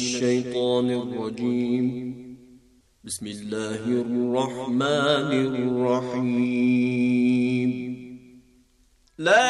الشيطان الرجيم بسم الله الرحمن الرحيم لا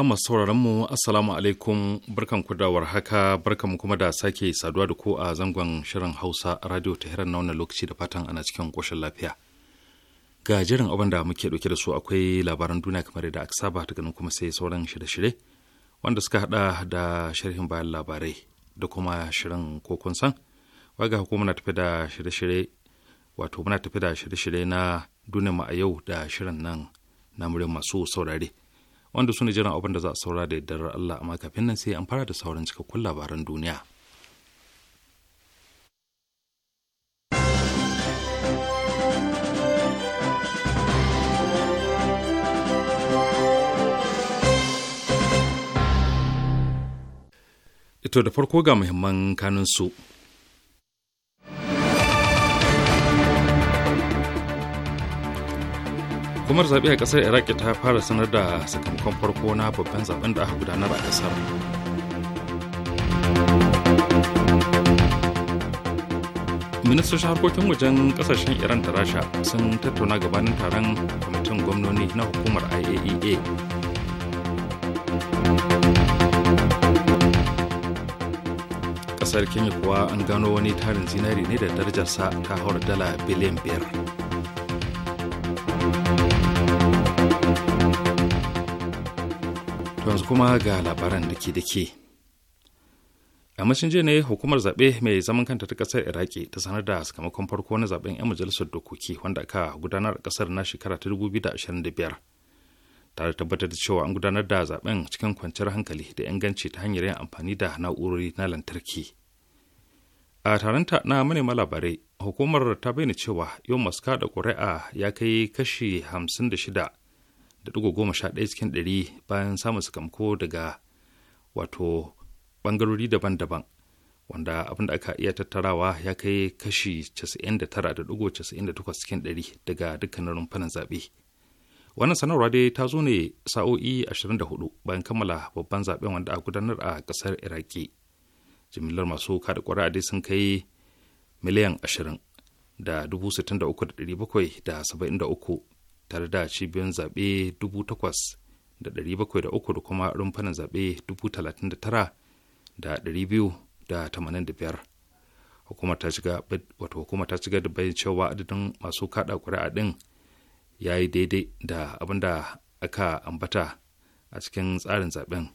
jama'a masu sauraron mu assalamu alaikum barkan kudawar haka warhaka barkan kuma da sake saduwa da ku a zangon shirin Hausa radio ta hirar na lokaci da fatan ana cikin koshin lafiya. Ga jiran abin da muke dauke da su akwai labaran duniya kamar da aka saba daga nan kuma sai sauran shirye-shirye wanda suka hada da sharhin bayan labarai da kuma shirin ko kun san. Waga hukuma muna tafi da shirye-shirye wato muna tafi da shirye-shirye na duniya mu a yau da shirin nan na murin masu saurare. wanda su ne jiran abin da za a saura da yardar Allah amma kafin nan sai an fara da sauran cikakkun labaran duniya. Ito da farko ga muhimman kanunsu. su. hukumar zaɓe a ƙasar iraq ta fara sanar da sakamakon farko na babban zaɓen da aka gudanar a ƙasar ministocin harkokin wajen ƙasashen iran da rasha sun tattauna gabanin taron kwamitin gwamnoni na hukumar iaea kasar e kenya kuwa an gano wani tarin zinari ne da darajarsa ta haura dala biliyan biyar kuma ga labaran da ke da A jiya ne hukumar zaɓe mai zaman kanta ta ƙasar Iraki ta sanar da sakamakon farko na zaɓen 'yan majalisar dokoki wanda aka gudanar a ƙasar na shekara ta 2025. Tare tabbatar da cewa an gudanar da zaɓen cikin kwanciyar hankali da inganci ta hanyar yin amfani da na'urori na lantarki. A taronta na manema labarai, hukumar ta bayyana cewa yau masu da ƙuri'a ya kai kashi hamsin da shida. da ɗigo goma sha ɗaya cikin ɗari bayan samun sakamako daga wato ɓangarori daban-daban wanda abin da aka iya tattarawa ya kai kashi 99.98 cikin ɗari daga dukkanin rumfanin zaɓe. Wannan sanarwa dai ta zo ne sa'o'i 24 bayan kammala babban zaɓen wanda a gudanar a ƙasar Iraki. Jimillar masu kada ƙuri'a dai sun kai miliyan 20 da 63,773 tare da cibiyoyin zaɓe 8,703 da kuma rumfanin zaɓe 39,285 hukumar ta shiga wato hukumar ta shiga da bayan cewa adadin masu kaɗa kuri'a ɗin ya yi daidai da abin da aka ambata a cikin tsarin zaɓen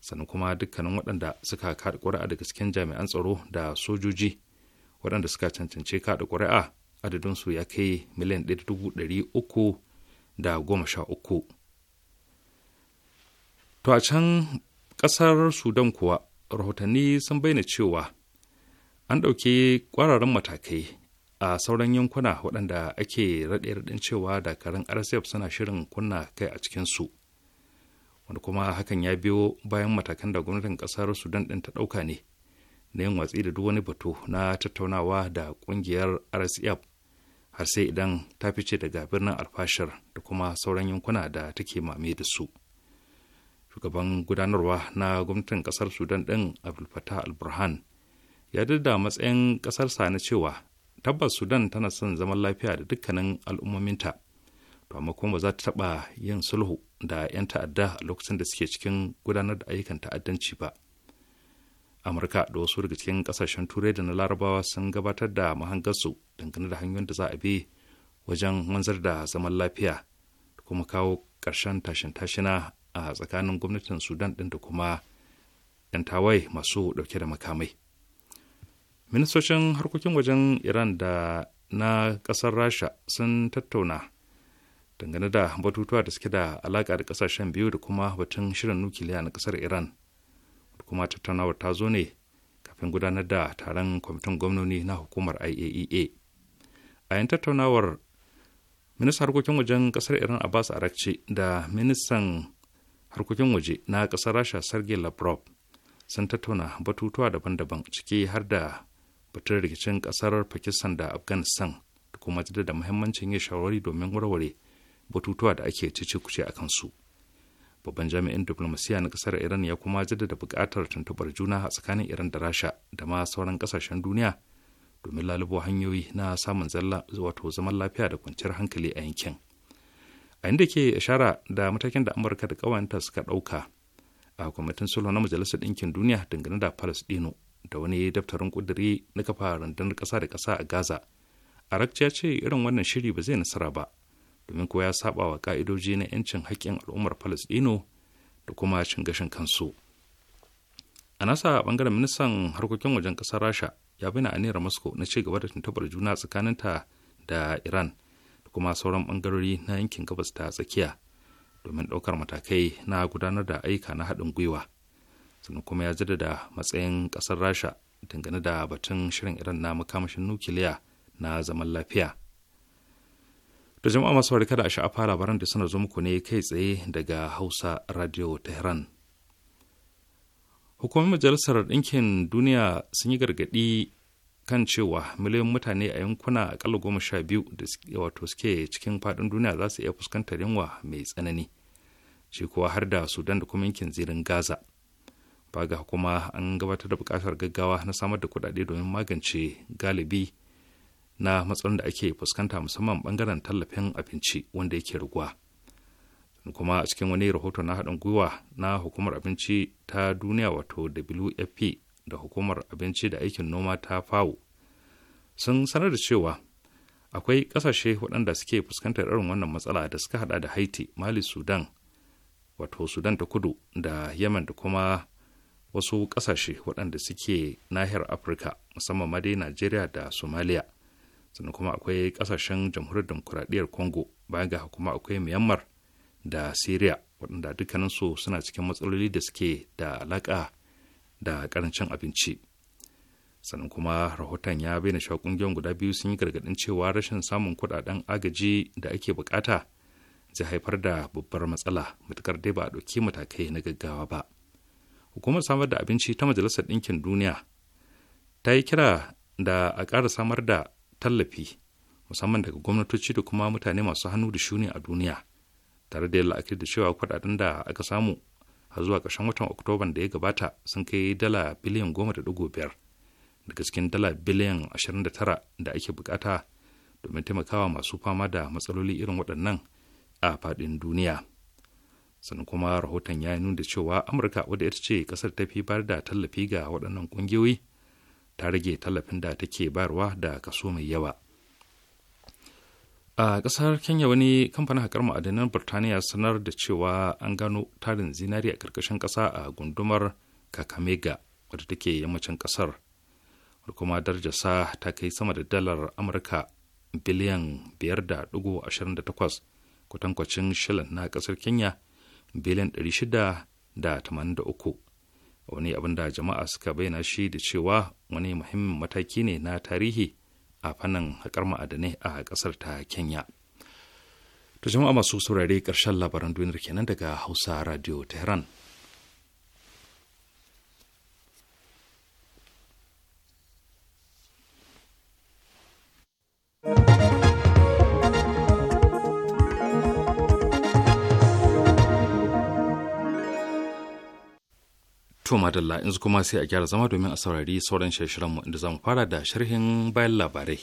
sannan kuma dukkanin waɗanda suka kaɗa kuri'a daga cikin jami'an tsaro da sojoji waɗanda suka cancanci kaɗa kuri'a adadinsu ya kai miliyan da goma sha uku. To a can ƙasar Sudan kuwa rahotanni sun bayyana cewa an ɗauki ƙwararren matakai a sauran yankuna waɗanda ake raɗe-raɗin cewa dakarun rsf suna shirin kunna kai a cikinsu wanda kuma hakan ya biyo bayan matakan da gwamnatin ƙasar sudan ɗin ta ɗauka ne na yin watsi da duk wani batu na tattaunawa da ƙungiyar rsf har sai idan ta fice daga birnin alfashar da kuma sauran yankuna da take mame da su shugaban gudanarwa na gwamnatin kasar sudan ɗin abdulfatah al-burhan ya da matsayin ƙasarsa na cewa tabbas sudan tana son zaman lafiya da dukkanin al'ummominta to amma kuma ba za ta taɓa yin sulhu da 'yan ta'adda a lokacin da suke cikin gudanar da ayyukan ta'addanci ba amurka da wasu daga cikin kasashen turai da na larabawa sun gabatar da mahangarsu dangane da hanyoyin da za a bi wajen wanzar da zaman lafiya da kuma kawo ƙarshen tashin-tashina a tsakanin gwamnatin sudan ɗin da kuma 'yan tawaye masu ɗauke da makamai ministocin harkokin wajen iran da na ƙasar rasha sun tattauna dangane da batutuwa da suke da alaƙa da ƙasashen biyu da kuma batun shirin nukiliya na ƙasar iran kuma tattaunawar ta zo ne kafin gudanar da taron kwamitin gwamnoni na hukumar iaea a e yin tattaunawar ministan harkokin wajen kasar iran abbas arakci da ministan harkokin waje na kasar rasha sergei lavrov sun tattauna batutuwa daban-daban ciki har da batun rikicin kasar pakistan da afghanistan da kuma da muhimmancin yin shawarwari domin warware batutuwa da ake cece kuce a kansu. su babban jami'in diplomasiya na kasar iran ya kuma jaddada buƙatar tuntuɓar juna a tsakanin iran da rasha da ma sauran ƙasashen duniya domin lalubo hanyoyi na samun zalla wato zaman lafiya da kwanciyar hankali a yankin a inda ke ishara da matakin da amurka da ƙawayenta suka ɗauka a kwamitin sulhu na majalisar ɗinkin duniya dangane da palestino da wani daftarin ƙudiri na kafa rundunar kasa da kasa a gaza arakci ya ce irin wannan shiri ba zai nasara ba domin kuwa ya saba wa ka'idoji na 'yancin haƙƙin al'ummar Falasɗinu da kuma cin gashin kansu. A nasa bangaren ministan harkokin wajen ƙasar Rasha ya bina aniyar Moscow na ci gaba da tuntubar juna tsakaninta da Iran da kuma sauran bangarori na yankin gabas ta tsakiya domin ɗaukar matakai na gudanar da aika na haɗin gwiwa. Sannan kuma ya jaddada matsayin ƙasar Rasha dangane da batun shirin Iran na makamashin nukiliya na zaman lafiya. To jama'a masu warka da a fara labaran da suna zo muku ne kai tsaye daga Hausa Radio Tehran. Hukumomin Majalisar Ɗinkin Duniya sun yi gargaɗi kan cewa miliyan mutane a yankuna akalla goma sha biyu da wato suke cikin faɗin duniya za su iya fuskantar yunwa mai tsanani shi kuwa har da sudan da kuma yankin zirin gaza baga kuma an gabatar da buƙatar gaggawa na samar da kuɗaɗe domin magance galibi na matsalolin da ake fuskanta musamman bangaren tallafin abinci wanda yake ruguwa kuma a cikin wani rahoto na haɗin gwiwa na hukumar abinci ta duniya wato wfp da hukumar abinci da aikin noma ta fawo sun sanar da cewa akwai ƙasashe waɗanda suke fuskantar irin wannan matsala da suka hada da haiti mali sudan wato sudan ta kudu da yemen da kuma wasu ƙasashe waɗanda suke nahiyar afirka musamman madai dai najeriya da somalia. sannan kuma akwai kasashen jamhuriyar demokuraɗiyyar congo bayan ga kuma akwai myanmar da syria waɗanda dukkaninsu suna cikin matsaloli da suke da alaƙa da ƙarancin abinci sannan kuma rahoton ya bayyana cewa ƙungiyoyin guda biyu sun yi gargaɗin cewa rashin samun kuɗaɗen agaji da ake buƙata zai haifar da babbar matsala matuƙar dai ba a ɗauki matakai na gaggawa ba hukumar samar da abinci ta majalisar ɗinkin duniya ta yi kira da a ƙara samar da tallafi musamman daga gwamnatoci da kuma mutane masu hannu da shuni a duniya tare da la'akari da cewa kudaden da aka samu har zuwa ƙarshen watan oktoban da ya gabata sun kai dala biliyan goma da ɗigo biyar daga cikin dala biliyan ashirin da tara da ake bukata domin taimakawa masu fama da matsaloli irin waɗannan a faɗin duniya sannan kuma rahoton ya nuna cewa amurka wadda ita ce ƙasar ta fi bayar da tallafi ga waɗannan ƙungiyoyi ta rage tallafin da take bayarwa da kaso mai yawa a kasar kenya wani kamfanin haƙar ma'adanan birtaniya sanar da cewa an gano tarin zinari a ƙarƙashin ƙasa a gundumar kakamega wadda take yammacin ƙasar kuma darajarsa ta kai sama da dalar amurka biliyan 5.28 kwatankwacin shilin na ƙasar kenya biliyan 683 wani abin da jama'a suka bayyana shi da cewa wani muhimmin mataki ne na tarihi a fannin haƙar ma'adanai a ƙasar ta kenya to jama'a masu saurare ƙarshen labaran duniyar kenan daga hausa radio tehran To madalla yanzu kuma sai a gyara zama domin a saurari sauran shirin mu inda zamu fara da sharhin bayan labarai.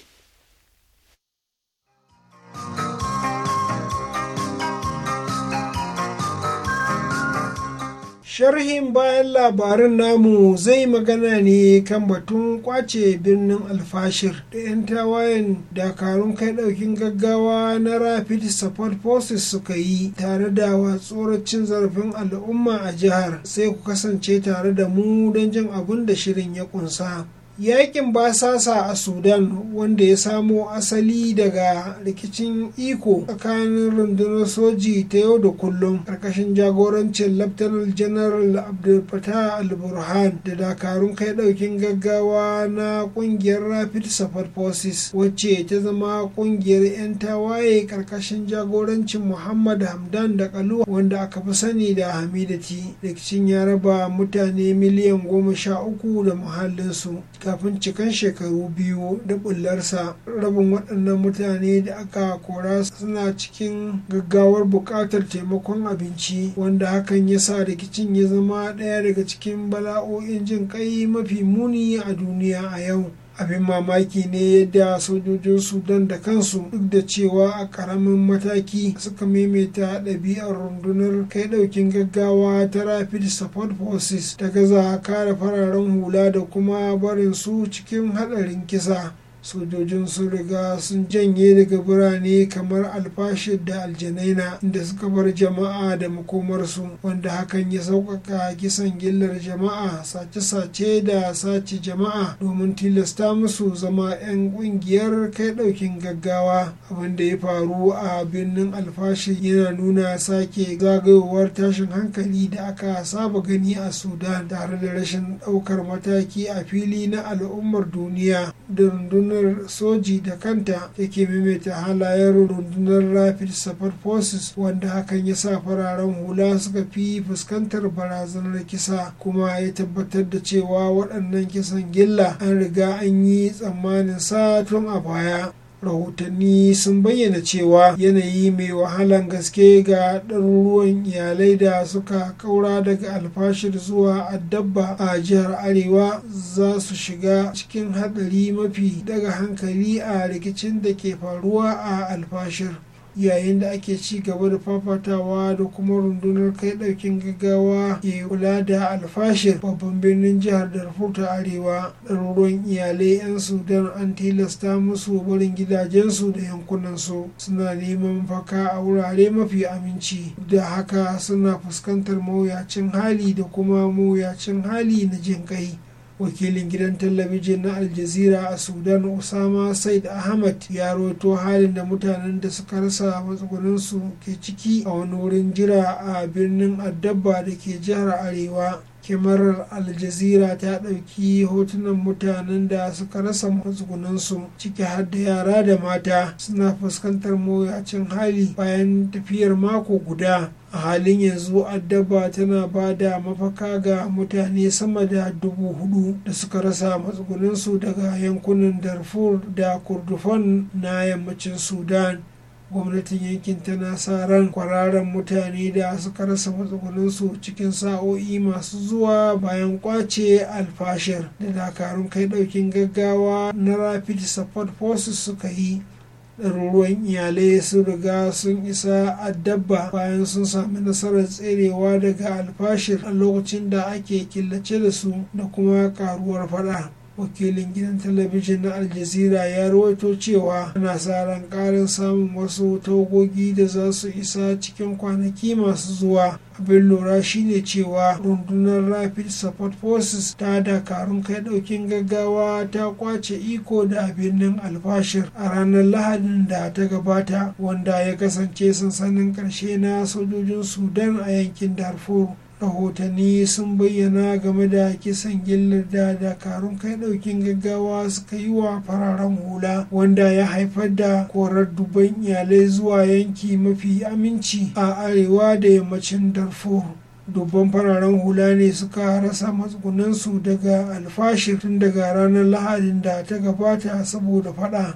sharhin bayan labaran namu zai magana ne kan batun kwace birnin alfashir da 'yan tawayen dakarun kai daukin gaggawa na rapid support forces suka yi tare da tsoracin zarafin al'umma a jihar sai ku kasance tare da mu don jin abin da shirin ya kunsa yakin basasa a sudan wanda ya samo asali daga rikicin iko tsakanin rundunar soji ta yau da kullum karkashin jagorancin laftanar janaral abdulfatah al-burhan da dakarun kai daukin gaggawa na kungiyar rapid support forces wacce ta zama kungiyar 'yan tawaye karkashin jagorancin muhammad hamdan da kaluwa wanda aka fi sani da hamidati rikicin ya raba mutane miliyan goma sha uku da muhallinsu kafin cikan shekaru biyu da bullarsa rabin waɗannan mutane da aka kora suna cikin gaggawar buƙatar taimakon abinci wanda hakan ya sa rikicin ya zama ɗaya daga cikin bala'o'in jin ƙai mafi muni a duniya a yau abin mamaki ne yadda sojojin sudan da kansu duk da cewa a karamin mataki suka maimaita ɗabi'ar rundunar kai ɗaukin gaggawa ta rapid support forces ta gaza kare fararen hula da kuma barin su cikin haɗarin kisa sojojin sun riga sun janye daga birane kamar alfashir da aljanaina inda suka bar jama'a da makomarsu wanda hakan ya sauƙaƙa kisan gillar jama'a sace-sace da sace jama'a domin tilasta musu zama 'yan ƙungiyar kai ɗaukin gaggawa abin da ya faru a birnin alfashir yana nuna sake zagayowar tashin hankali da aka saba gani a sudan tare da rashin ɗaukar mataki a fili na al'ummar duniya da rundunar rundunar soji da kanta yake maimaita halayen rundunar rapid support forces wanda hakan ya sa fararen hula suka fi fuskantar barazanar kisa kuma ya tabbatar da cewa waɗannan kisan gilla an riga an yi tsammanin sa tun a baya rahotanni sun bayyana cewa yanayi mai wahalan gaske ga ɗaruruwan iyalai da suka kaura daga alfashir zuwa addabba a jihar arewa za su shiga cikin haɗari mafi daga hankali a rikicin da ke faruwa a alfashir yayin da ake ci gaba da fafatawa da kuma rundunar kai daukin gaggawa ke kula da alfashir babban birnin jihar darfur ta arewa ɗaruruwan iyalai 'yan sudan an tilasta musu barin gidajensu da yankunansu suna neman faka a wurare mafi aminci da haka suna fuskantar mawuyacin hali da kuma mawuyacin hali na jin kai wakilin gidan talabijin na aljazira a sudan osama said ahmad ya roto halin da mutanen da suka rasa matsugunansu ke ciki a wani wurin jira a birnin addabba da ke jihar arewa kyamarar aljazira ta ɗauki hotunan mutanen da suka rasa matsugunansu ciki har da yara da mata suna fuskantar mawuyacin hali bayan tafiyar mako guda a halin yanzu addaba tana ba da mafaka ga mutane sama da dubu hudu da suka rasa matsugunansu daga yankunan darfur da kurdufan na yammacin sudan gwamnatin yankin tana sa ran kwararan mutane da suka rasa matsugunansu cikin sa'o'i masu zuwa bayan kwace alfashir da dakarun kai daukin gaggawa na rapid support forces suka yi ɗaruruwan iyalai sun riga sun isa a dabba bayan sun sami nasarar tserewa daga alfashir a lokacin da ake killace da su da kuma karuwar fada wakilin gidan talabijin na aljazira ya rawaito cewa ana sa ran karin samun wasu tagogi da za su isa cikin kwanaki masu zuwa abin lura shine cewa rundunar rapid support forces ta dakarun kai daukin gaggawa ta kwace iko da birnin albashir a ranar lahadin da ta gabata wanda ya kasance sansanin karshe na sojojin sudan a yankin darfur rahotanni sun bayyana game da kisan gillar da dakarun kai daukin gaggawa suka yi wa fararen hula wanda ya haifar da korar dubban iyalai zuwa yanki mafi aminci a arewa da yammacin darfur dubban fararen hula ne suka rasa matsugunansu daga alfashir tun daga ranar lahadin da ta gabata saboda fada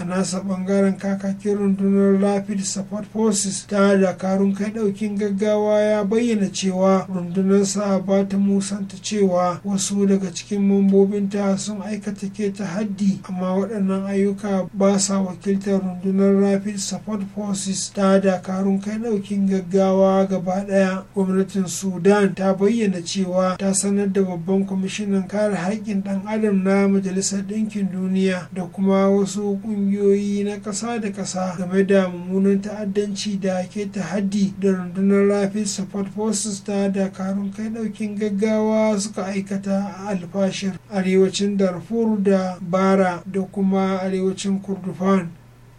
a nasa bangaren kakakin rundunar rapid support forces ta dakarun kai daukin gaggawa ya bayyana cewa rundunarsa ba ta musanta cewa wasu daga cikin mambobinta sun aikata ke ta haddi amma waɗannan ayyuka ba sa wakiltar rundunar rapid support forces ta dakarun kai daukin gaggawa gaba ɗaya gwamnatin sudan ta bayyana cewa ta sanar da babban kwamishinan kare haƙƙin ɗan adam na majalisar ɗinkin duniya da kuma wasu ƙungiyoyi ƙungiyoyi na ƙasa da ƙasa game da mummunan ta'addanci da ke haddi da rundunar rapid support forces ta dakarun kai ɗaukin gaggawa suka aikata a alfashir arewacin darfur da bara da kuma arewacin kurdufan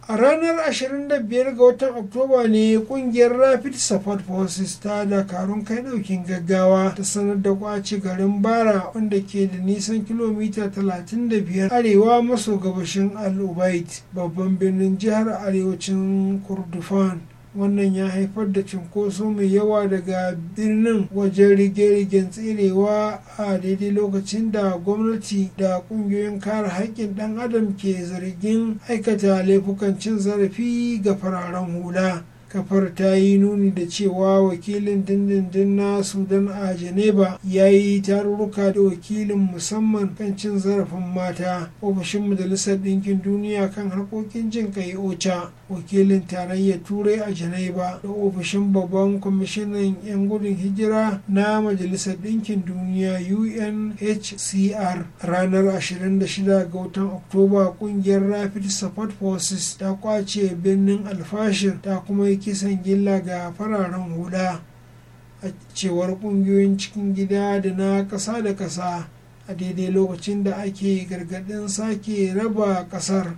a ranar 25 ga watan oktoba ne kungiyar rapid support forces ta dakarun kai daukin gaggawa ta sanar da kwace garin bara wanda ke da nisan kilomita 35 arewa maso gabashin al babban birnin jihar arewacin kurdufan wannan ya haifar da cinkoso mai yawa daga birnin wajen rige-rigen tserewa a daidai lokacin da gwamnati da kungiyoyin kare haƙƙin ɗan adam ke zargin aikata laifukan cin zarafi ga fararen hula kafar ta yi nuni da cewa wakilin dindindin na sudan a geneva ya yi tarurruka da wakilin musamman kan cin zarafin mata ofishin majalisar ɗinkin duniya kan harkokin jin kai ocha wakilin tarayyar turai a geneva da ofishin babban kwamishinan 'yan gudun hijira na majalisar ɗinkin duniya unhcr ranar 26 ga watan oktoba ƙungiyar rapid support forces ta kwace birnin alfashir ta kuma kisan gilla ga fararen hula a cewar kungiyoyin cikin gida da na kasa da kasa a daidai lokacin da ake gargaɗin sake raba kasar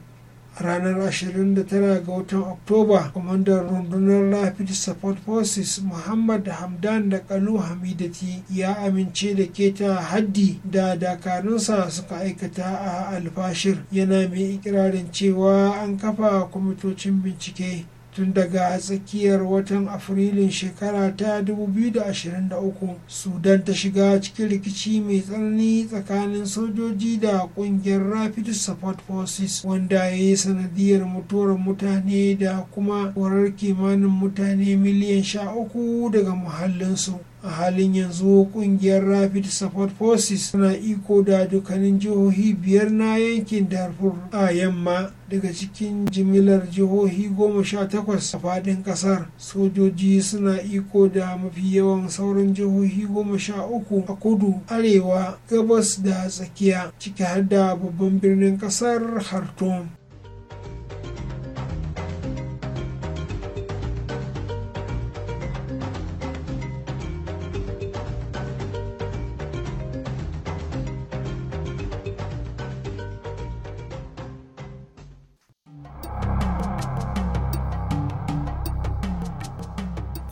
a ranar 29 ga watan oktoba kwamandan rundunar rapid support forces muhammad hamdan da kalu hamidati ya amince da keta haddi da dakarunsa suka aikata a alfashir yana mai ikirarin cewa an kafa kwamitocin bincike tun daga tsakiyar watan afrilun shekara ta 2023 sudan ta shiga cikin rikici mai tsanani tsakanin sojoji da kungiyar rapid support forces wanda ya yi sanadiyar mutuwar mutane da kuma korar kimanin mutane miliyan 13 daga muhallinsu a halin yanzu kungiyar rapid support forces tana iko da dukkanin jihohi biyar na yankin darfur a yamma daga cikin jimilar jihohi goma sha takwas a fadin kasar sojoji suna iko da mafi yawan sauran jihohi goma sha uku a kudu arewa gabas da tsakiya ciki har da babban birnin kasar khartoum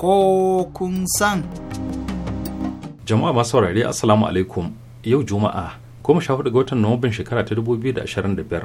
ko kun san. Jama'a masu saurari Assalamu alaikum yau Juma'a goma sha hudu ga watan Nuwamban shekara ta dubu biyu da ashirin da biyar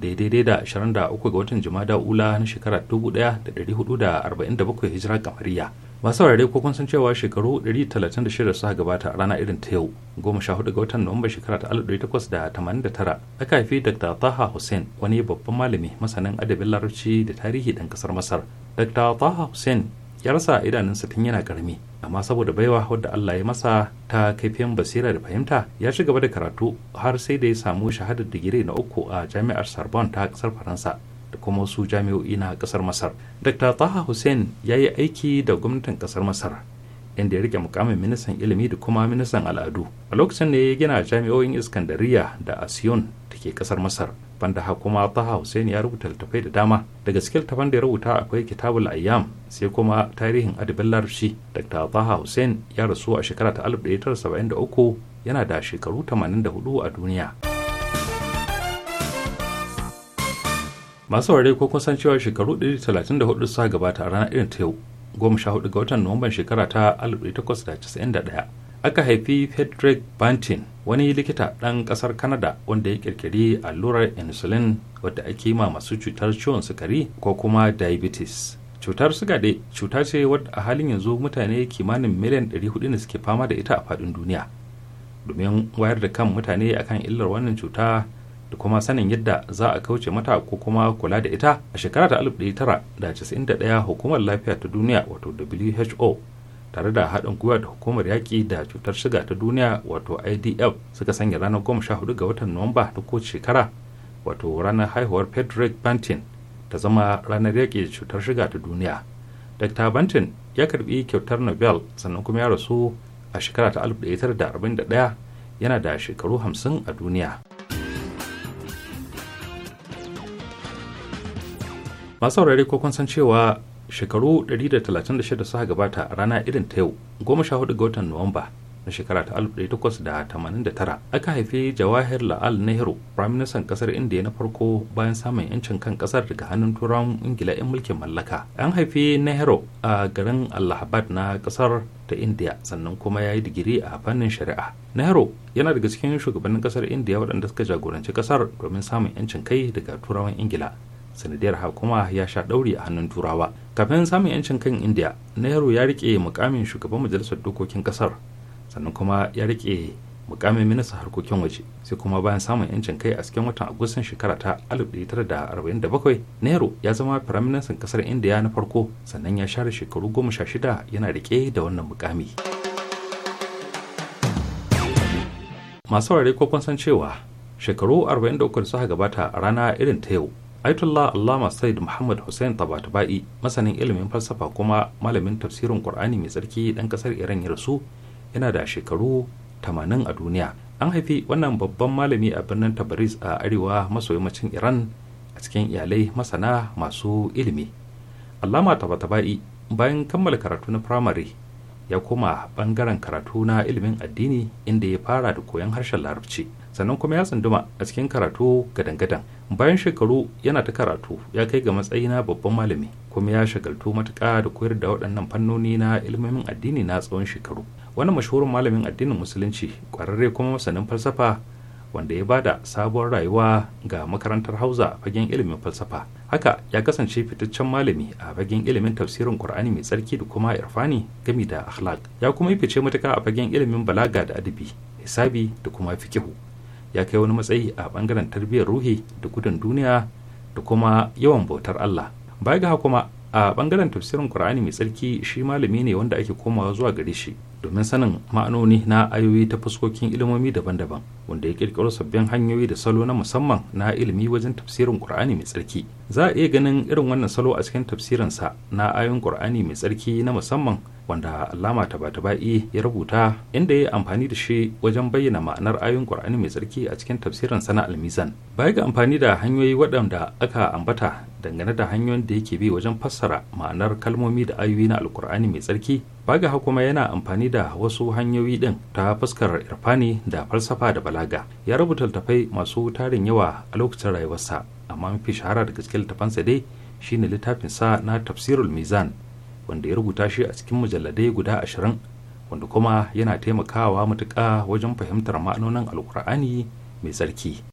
daidai da ashirin da uku ga watan Jumada Ula na shekara dubu ɗaya da ɗari hudu da arba'in da bakwai hijira kamariya. Masu saurari ko kun san cewa shekaru ɗari talatin da shida suka gabata a rana irin ta yau goma sha hudu ga watan Nuwamban shekara ta alif ɗari takwas da tamanin da tara aka haifi Dr. Taha Hussein wani babban malami masanin adabin larabci da tarihi ɗan ƙasar Masar. Dr. Taha Hussein ya rasa idanunsa tun yana karami amma saboda baiwa wadda Allah ya masa ta kaifin basira da fahimta ya ci gaba da karatu har sai da ya samu shahadar digiri na uku a jami'ar Sorbonne ta kasar Faransa da kuma wasu jami'o'i na kasar Masar. Dr. Taha Hussein ya yi aiki da gwamnatin kasar Masar inda ya rike mukamin ministan ilimi da kuma ministan al'adu. A lokacin da ya gina jami'o'in Iskandariya da Asiyon da ke kasar Masar. banda kuma taha hussein ya rubuta littattafai da dama daga cikin littattafan da ya rubuta akwai kitabul ayyam sai kuma tarihin adabin larabci dr taha hussein ya rasu a shekara ta 1973 yana da shekaru 84 a duniya masu ware ko kun san cewa shekaru 134 suka gabata a ranar irin ta yau 14 ga watan nuwamban shekara ta 1891 aka haifi frederick bantin wani likita ɗan ƙasar canada wanda ya ƙirƙiri allurar insulin wadda ake ma masu cutar ciwon sukari ko kuma diabetes cutar suga dai cuta ce wadda a halin yanzu mutane kimanin miliyan 400 ne suke fama da ita a faɗin duniya domin wayar da kan mutane akan illar wannan cuta da kuma sanin yadda za a kauce mata ko kuma kula da ita a shekara ta 1991 hukumar lafiya ta duniya wato WHO tare da haɗin gwiwa da hukumar yaƙi da cutar shiga ta duniya wato idf suka sanya ranar goma sha hudu ga watan nuwamba ta kowace shekara wato ranar haihuwar patrick bantin ta zama ranar yaƙi da cutar shiga ta duniya dr bantin ya karbi kyautar nobel sannan kuma ya rasu a shekara ta 1941 yana da shekaru hamsin a duniya masu saurari ko kun san cewa shekaru 136 suka gabata a rana irin ta yau 14 ga watan nuwamba na shekara ta 1889 aka haifi jawahir la'al nehru firaministan kasar indiya na farko bayan samun yancin kan kasar daga hannun turawan ingila 'yan mulkin mallaka an haifi nehru a garin allahabad na kasar ta indiya sannan kuma ya yi digiri a fannin shari'a nehru yana daga cikin shugabannin kasar indiya waɗanda suka jagoranci kasar domin samun yancin kai daga turawan ingila sanadiyar hakuma ya sha ɗauri a hannun turawa kafin samun yancin kan india nehru ya rike mukamin shugaban majalisar dokokin kasar sannan kuma ya rike mukamin minista harkokin waje sai kuma bayan samun yancin kai a cikin watan agustan shekara ta 1947 nehru ya zama firaministan kasar indiya na farko sannan ya share shekaru goma sha shida yana rike da wannan mukami masu ware ko san cewa shekaru 43 da suka gabata a rana irin ta yau Aitullah Allama Said Muhammad Hussein Tabatabai masanin ilimin falsafa kuma malamin tafsirin Qur'ani mai tsarki dan kasar Iran ya rasu yana da shekaru 80 a duniya. An haifi wannan babban malami a birnin Tabriz a arewa maso yammacin Iran a cikin iyalai masana masu ilimi. Allama Tabatabai bayan kammala karatu na firamare ya koma bangaren karatu na ilimin addini inda ya fara da koyon harshen Larabci. sannan kuma ya tsunduma a cikin karatu gadan-gadan bayan shekaru yana ta karatu ya kai ga matsayi na babban malami kuma ya shagaltu matuƙa da koyar da waɗannan fannoni na ilmomin addini na tsawon shekaru wani mashahurin malamin addinin musulunci ƙwararre kuma masanin falsafa wanda ya bada sabuwar rayuwa ga makarantar hausa fagen ilimin falsafa haka ya kasance fitaccen malami a fagen ilimin tafsirin qur'ani mai tsarki da kuma irfani gami da akhlaq ya kuma yi fice matuƙa a fagen ilimin balaga da adabi hisabi da kuma fikihu ya kai wani matsayi a bangaren tarbiyyar ruhi da gudun duniya da kuma yawan bautar Allah baya ga kuma a bangaren tafsirin Qur'ani mai tsarki shi malami ne wanda ake komawa zuwa gare shi domin sanin ma'anoni na ayoyi ta fuskokin ilimomi daban-daban wanda ya kirkiro sabbin hanyoyi da salo na musamman na ilimi wajen tafsirin Qur'ani mai tsarki za a iya ganin irin wannan salo a cikin tafsirinsa na ayoyin Qur'ani mai tsarki na musamman wanda alama ta bata ba'i ya rubuta inda ya yi amfani da shi wajen bayyana ma'anar ayoyin qur'ani mai tsarki a cikin tafsirin sana almizan baya ga amfani da hanyoyi waɗanda aka ambata dangane da hanyoyin da yake bi wajen fassara ma'anar kalmomi da ayoyi na alkur'ani mai tsarki baga kuma yana amfani da wasu hanyoyi din ta fuskar irfani da falsafa da balaga ya rubuta littafai masu tarin yawa a lokacin rayuwarsa amma mafi shahara da gaske littafansa dai shine littafinsa na tafsirul mizan wanda ya rubuta shi a cikin mujalladai guda ashirin wanda kuma yana taimakawa matuƙa wajen fahimtar ma'anonin alkur'ani mai tsarki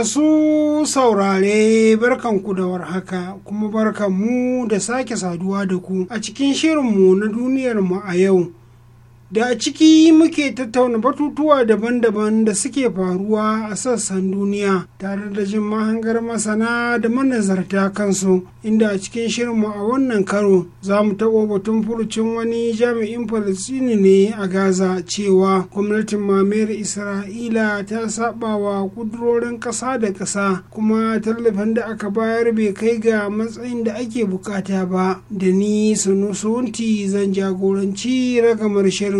Masu saurare barkanku da haka kuma barkanmu da sake saduwa da ku a cikin shirinmu na duniyarmu a yau da a ciki muke tattauna batutuwa daban-daban da suke faruwa a sassan duniya tare da jin mahangar masana da manazarta kansu inda a cikin shirinmu a wannan karo za mu taɓo batun furucin wani jami'in falistini ne a gaza cewa gwamnatin mamayar isra'ila ta saba wa kudurorin ƙasa da ƙasa kuma tallafin da aka bayar bai kai ga matsayin da ake bukata ba da ni sunusunti zan jagoranci ragamar shirin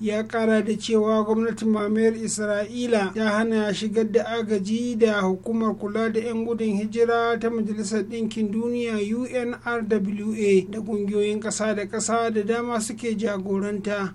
ya kara da cewa gwamnatin mamayar isra'ila ya hana ya shigar da agaji da hukumar kula da 'yan gudun hijira ta majalisar ɗinkin duniya unrwa da ƙungiyoyin ƙasa da ƙasa da dama suke jagoranta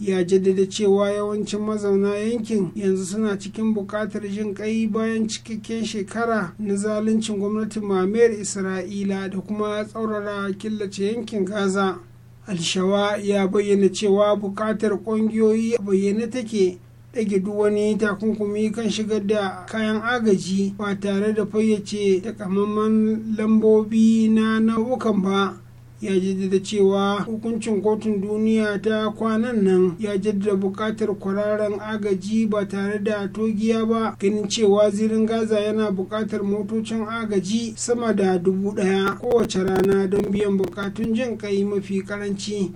ya jaddada cewa yawancin mazauna yankin yanzu suna cikin buƙatar jin ƙai bayan cikakken shekara na zaluncin gwamnatin mamayar isra'ila da kuma tsaurara killace yankin gaza alshawa ya bayyana cewa buƙatar ƙungiyoyi bayyane take ɗage duk wani takunkumi kan shigar da kayan agaji ba tare da fayyace takamaiman lambobi na nau'ukan ba ya jaddada cewa hukuncin kotun duniya ta kwanan nan ya jaddada buƙatar kwararren agaji ba tare da togiya ba ganin cewa zirin gaza yana buƙatar motocin agaji sama da dubu ɗaya kowace rana don biyan bukatun jin kai mafi ƙaranci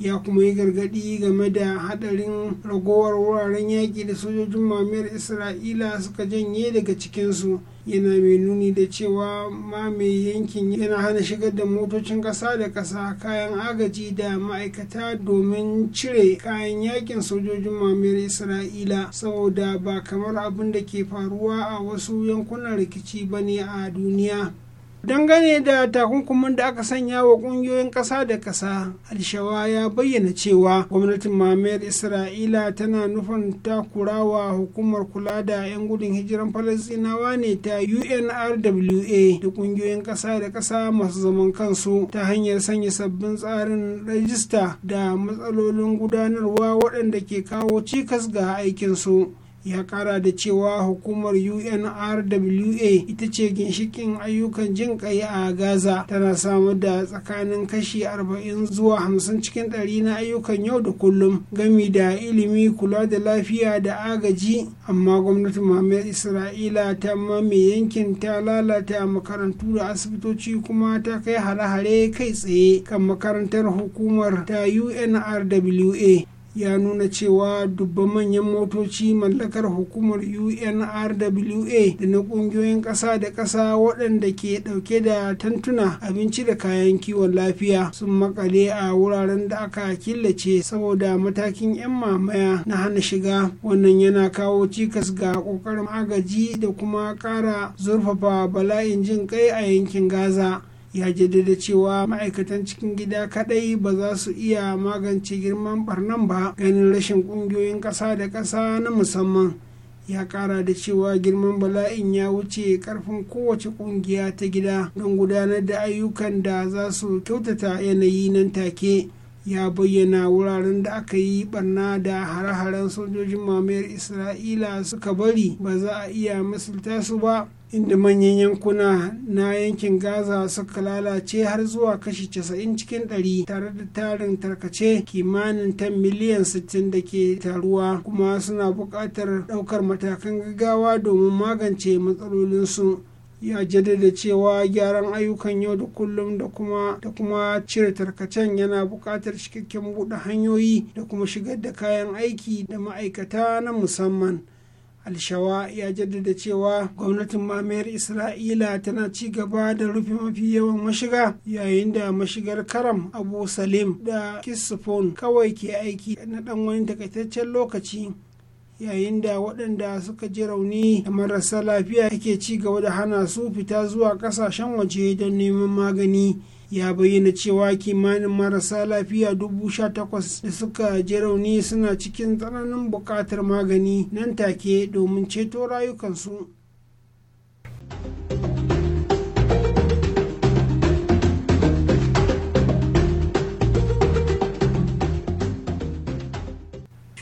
ya kuma yi gargadi game da haɗarin ragowar wuraren yaƙi da sojojin mamayar isra'ila suka janye daga cikinsu. yana mai nuni da cewa ma mai yankin yana hana shigar da motocin kasa da kasa, kayan agaji da ma'aikata domin cire kayan yakin sojojin mamayar isra'ila saboda ba kamar abin da ke faruwa a wasu yankunan rikici ba ne a duniya dangane da takunkumin da aka sanya wa kungiyoyin ƙasa da ƙasa alshawa ya bayyana cewa gwamnatin mamayar isra'ila tana nufin takurawa hukumar kula da 'yan gudun hijiran falasinawa ne ta unrwa da kungiyoyin ƙasa da ƙasa masu zaman kansu ta hanyar sanya sabbin tsarin rajista da matsalolin gudanarwa waɗanda ke kawo cikas ga aikinsu ya kara da cewa hukumar unrwa ita ce ginshikin ayyukan jin kai a gaza tana samar da tsakanin kashi 40 zuwa 50 cikin ɗari na ayyukan yau da kullum gami da ilimi kula da lafiya da agaji amma gwamnatin muhammad isra'ila ta mame yankin ta lalata makarantu da asibitoci kuma ta kai hare-hare kai tsaye kan makarantar hukumar ta unrwa ya nuna cewa dubban manyan motoci mallakar hukumar unrwa da na kungiyoyin ƙasa da ƙasa waɗanda ke ɗauke da tantuna abinci da kayan kiwon lafiya sun makale a wuraren da aka killace saboda matakin 'yan mamaya na hana shiga wannan yana kawo cikas ga ƙoƙarin agaji da kuma ƙara zurfafa bala'in jin kai a yankin gaza ya jaddada cewa ma'aikatan cikin gida kadai ba za su iya magance girman barnan ba ganin rashin kungiyoyin ƙasa da ƙasa na musamman ya kara da cewa girman bala'in ya wuce karfin kowace kungiya ta gida don gudanar da ayyukan da za su kyautata yanayi nan take ya bayyana wuraren da aka yi barna da hare-haren sojojin mamayar isra'ila suka bari ba za a iya misalta su ba inda manyan yankuna na yankin gaza suka lalace har zuwa kashi 90 cikin 100 tare da tarin tarkace kimanin 10 miliyan 60 da ke taruwa kuma suna buƙatar ɗaukar matakan gaggawa domin magance matsalolinsu ya jaddada cewa gyaran ayyukan yau da kullum da kuma da kuma cire tarkacen yana buƙatar cikakken buɗe hanyoyi da kuma shigar da kayan aiki da ma'aikata na musamman alshawa ya jaddada cewa gwamnatin mamayar isra'ila tana ci gaba da rufe mafi yawan mashiga yayin da mashigar karam abu salim da kisifon kawai ke aiki na ɗan wani takaitaccen lokaci yayin da waɗanda suka ji rauni da marasa lafiya yake ci gaba da hana su fita zuwa ƙasashen waje don neman magani ya bayyana cewa kimanin marasa lafiya dubu sha takwas da suka ji rauni suna cikin tsananin buƙatar magani nan take domin ceto rayukansu.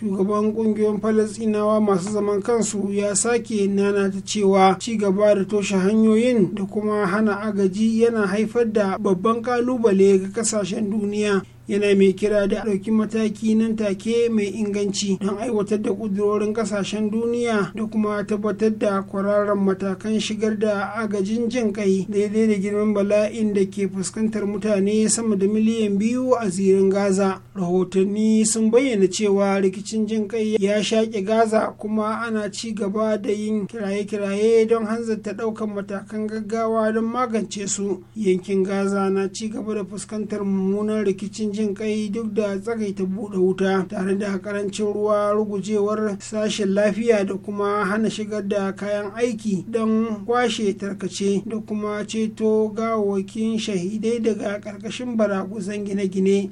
shugaban kungiyoyin falasinawa masu zaman kansu ya sake nanata cewa ci gaba da toshe hanyoyin da kuma hana agaji yana haifar da babban kalubale ga kasashen duniya yana mai kira da ɗauki mataki nan take mai inganci don aiwatar da ƙudurorin ƙasashen duniya da kuma tabbatar da kwararren matakan shigar da agajin jin kai daidai da girman bala'in da ke fuskantar mutane sama da miliyan biyu a zirin gaza rahotanni sun bayyana cewa rikicin jin kai ya shaƙe gaza kuma ana ci gaba da yin kiraye-kiraye don hanzarta ɗaukar matakan gaggawa don magance su yankin gaza na ci gaba da fuskantar mummunan rikicin jin kai duk da tsagaita buɗe wuta tare da karancin ruwa rugujewar sashen lafiya da kuma hana shigar da kayan aiki don kwashe tarkace da kuma ceto gawakin shahidai daga ƙarƙashin baraguzan gine-gine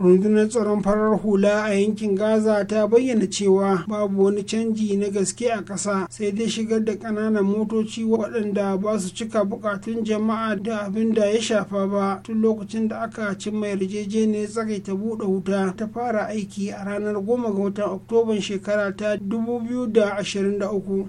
rundunar tsaron farar hula a yankin gaza ta bayyana cewa babu wani canji na gaske a ƙasa sai dai shigar da ƙananan motoci waɗanda ba su cika buƙatun jama'a da abin da ya shafa ba tun lokacin da aka cin mai yarjejeniyar tsakai ta buɗe wuta ta fara aiki a ranar 10 ga watan oktoban shekara ta 2023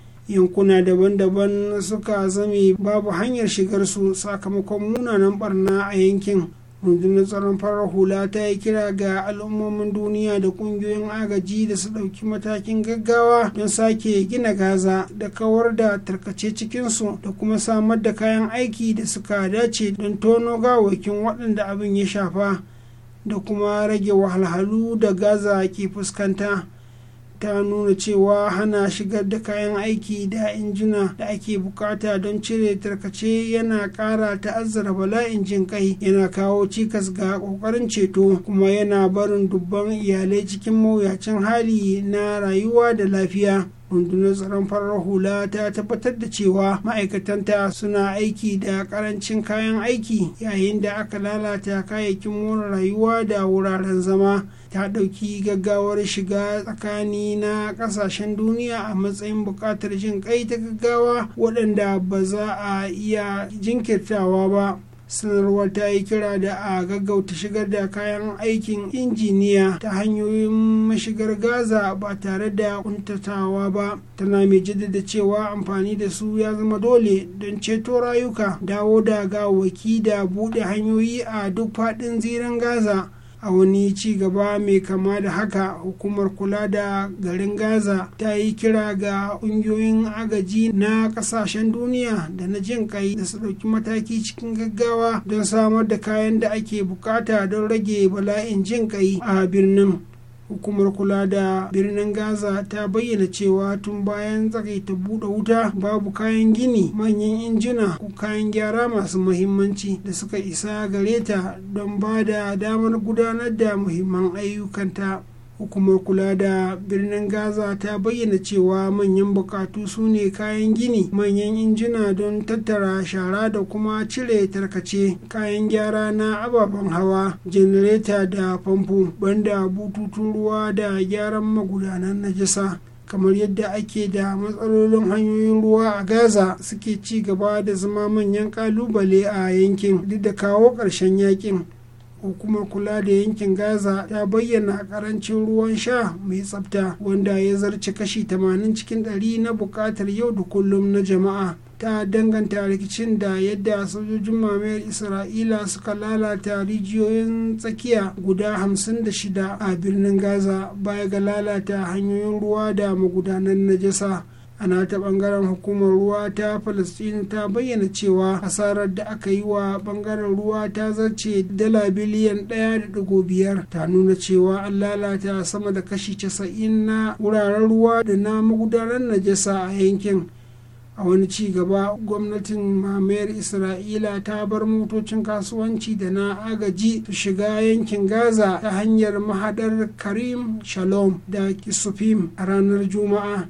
yankuna daban-daban suka zame babu hanyar shigarsu sakamakon munanan barna a yankin rundunar tsaron farar hula ta yi kira ga al'ummomin duniya da kungiyoyin agaji da su ɗauki matakin gaggawa don sake gina gaza da kawar da tarkace cikinsu da kuma samar da kayan aiki da suka dace don tono gawakin waɗanda abin ya shafa da kuma rage wahalhalu da gaza ke fuskanta. ta nuna cewa hana shigar da kayan aiki da injina da ake bukata don cire tarkace yana kara ta'azzara bala'in jin kai yana kawo cikas ga kokarin ceto kuma yana barin dubban iyalai cikin mawuyacin hali na rayuwa da lafiya rundunar tsaron farar hula ta tabbatar da cewa ma'aikatanta suna aiki da karancin kayan aiki yayin da aka lalata kayayyakin more rayuwa da wuraren zama ta ɗauki gaggawar shiga tsakani na ƙasashen duniya a matsayin buƙatar jin kai ta gaggawa waɗanda ba za a iya jinkirtawa ba sanarwar ta yi kira da a gaggauta shigar da kayan aikin injiniya ta hanyoyin mashigar gaza ba tare da kuntatawa ba tana mai jaddada cewa amfani da su ya zama dole don ceto rayuka dawo da gawaki da buɗe hanyoyi a duk faɗin ziren gaza a wani ci gaba mai kama da haka hukumar kula da garin gaza ta yi kira ga ƙungiyoyin agaji na ƙasashen duniya da na jin kai da su ɗauki mataki cikin gaggawa don samar da kayan da ake bukata don rage bala'in jin kai a birnin hukumar kula da birnin gaza ta bayyana cewa tun bayan ta buɗe wuta babu kayan gini manyan injina ko kayan gyara masu muhimmanci da suka isa gare ta don ba da damar gudanar da muhimman ayyukanta hukumar kula da birnin gaza ta bayyana cewa manyan bukatu su ne kayan gini manyan injina don tattara shara da kuma cire tarkace kayan gyara na ababen hawa janareta da famfo banda bututun ruwa da gyaran magudanan najasa kamar yadda ake da matsalolin hanyoyin ruwa a gaza suke ci gaba da zama manyan kalubale a yankin duk da kawo ƙarshen yakin hukumar kula da yankin gaza ta bayyana karancin ruwan sha mai tsabta wanda ya zarci kashi 80 cikin 100 na bukatar yau da kullum na jama'a ta danganta rikicin da yadda sojojin mamayar isra'ila suka lalata rijiyoyin tsakiya guda 56 a birnin gaza baya ga lalata hanyoyin ruwa da magudanan najasa a ta bangaren hukumar ruwa ta palestine ta bayyana cewa hasarar da aka yi wa bangaren ruwa ta zarce dala biliyan ɗaya da digo biyar ta nuna cewa an lalata sama da kashi casa'in na wuraren ruwa da na magudanar najasa a yankin a wani ci gaba gwamnatin mamayar isra'ila ta bar motocin kasuwanci da na agaji su shiga yankin gaza ta hanyar mahadar karim shalom da kisufim a ranar juma'a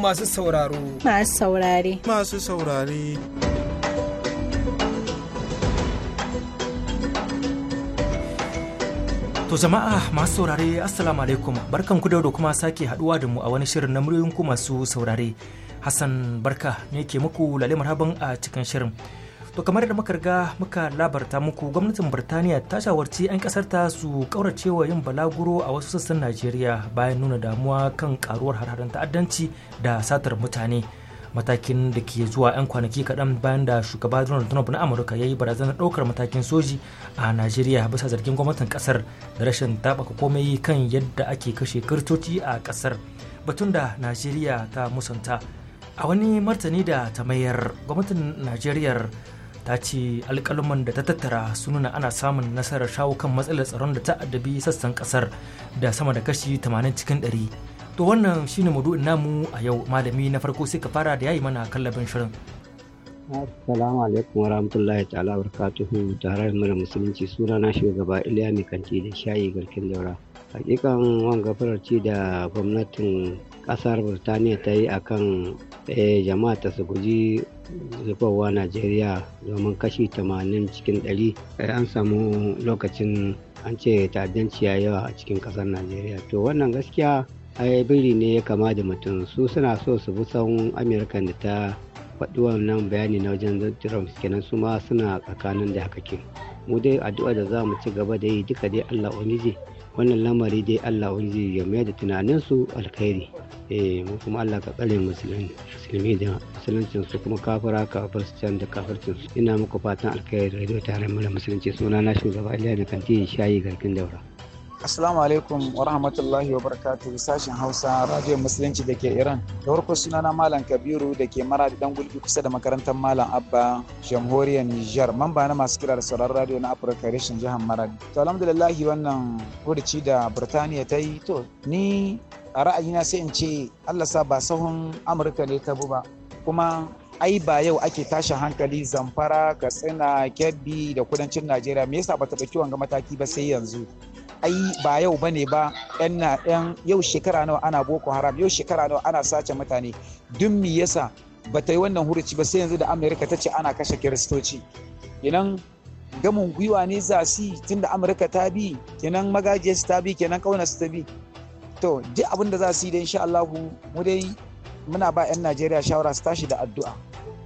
masu sauraro. Masu saurare. Masu saurare. To jama'a masu saurare assalamu alaikum barkan ku da kuma sake haduwa da mu a wani shirin na muryoyin masu saurare. Hassan barka ne ke muku lalle marhaban a cikin shirin. To kamar da muka riga muka labarta muku gwamnatin Birtaniya ta shawarci 'yan kasar ta su kauracewa yin balaguro a wasu sassan Najeriya bayan nuna damuwa kan karuwar harharen ta'addanci da satar mutane. Matakin da ke zuwa 'yan kwanaki kaɗan bayan da shugaba Donald Trump na Amurka ya yi barazanar ɗaukar matakin soji a Najeriya bisa zargin gwamnatin ƙasar da rashin taɓaka komai kan yadda ake kashe kirtoci a ƙasar. Batun da Najeriya ta musanta. A wani martani da ta mayar gwamnatin Najeriya ta ce alkalaman da ta tattara sunana ana samun nasarar shawo kan matsalar tsaron da ta addabi sassan kasar da sama da kashi 80 cikin 100 to wannan shine mudu namu a yau malami na farko sai ka fara da yayi mana kallabin shirin Assalamu alaikum wa rahmatullahi ta'ala wa barakatuhu tare da musulunci suna na shugaba Iliya Kanti da shayi garkin daura. Hakikan wanga fararci da gwamnatin kasar Birtaniya ta yi akan eh, jama'a ta su guji zubarwa najeriya domin kashi tamanin cikin 100 eh, an samu lokacin an ce ta'addanci ya yawa a cikin kasar najeriya to wannan gaskiya ai biri ne ya kama da mutum su suna so su bi san amurka da ta faɗi wannan bayani na wajen trump kenan su ma suna tsakanin da haka ke mu dai addu'a da za mu ci gaba da yi duka dai allah onije wannan lamari dai Allah wani ya mayar da tunaninsu alkhairi eh, mu kuma Allah ka tsare musulmi da musuluncin su kuma kafira kafircin da kafircin ina muku fatan alkhairi da ta haramar musulunci suna na shugaba Iliya da kanti shayi garkin daura Assalamu alaikum wa rahmatullahi wa barakatuhu sashen Hausa Radio Musulunci da ke Iran. Da farko sunana Malam Kabiru da ke mara dan gulbi kusa da makarantar Malam Abba Jamhuriyar Nijar. Mamba na masu kira da sauran radio na Afirka reshen jihar Maradi. To alhamdulillah wannan hurci da Birtaniya ta yi to ni a ra'ayina sai in ce Allah sa ba sahun Amurka ne ta bu ba. Kuma ai ba yau ake tashin hankali zamfara katsina kebbi da kudancin najeriya me yasa ba ta ɗauki wanga mataki ba sai yanzu ai ba yau ne ba yan na yan yau shekara nawa ana boko haram yau shekara nawa ana sace mutane duk me yasa ba ta yi wannan huruci ba sai yanzu da Amerika ta ce ana kashe kiristoci kenan gamin gwiwa ne za su tun da Amurka ta bi kenan su ta bi kenan su ta bi to duk abin da za su yi da insha Allahu mu dai muna ba 'yan Najeriya shawara su tashi da addu'a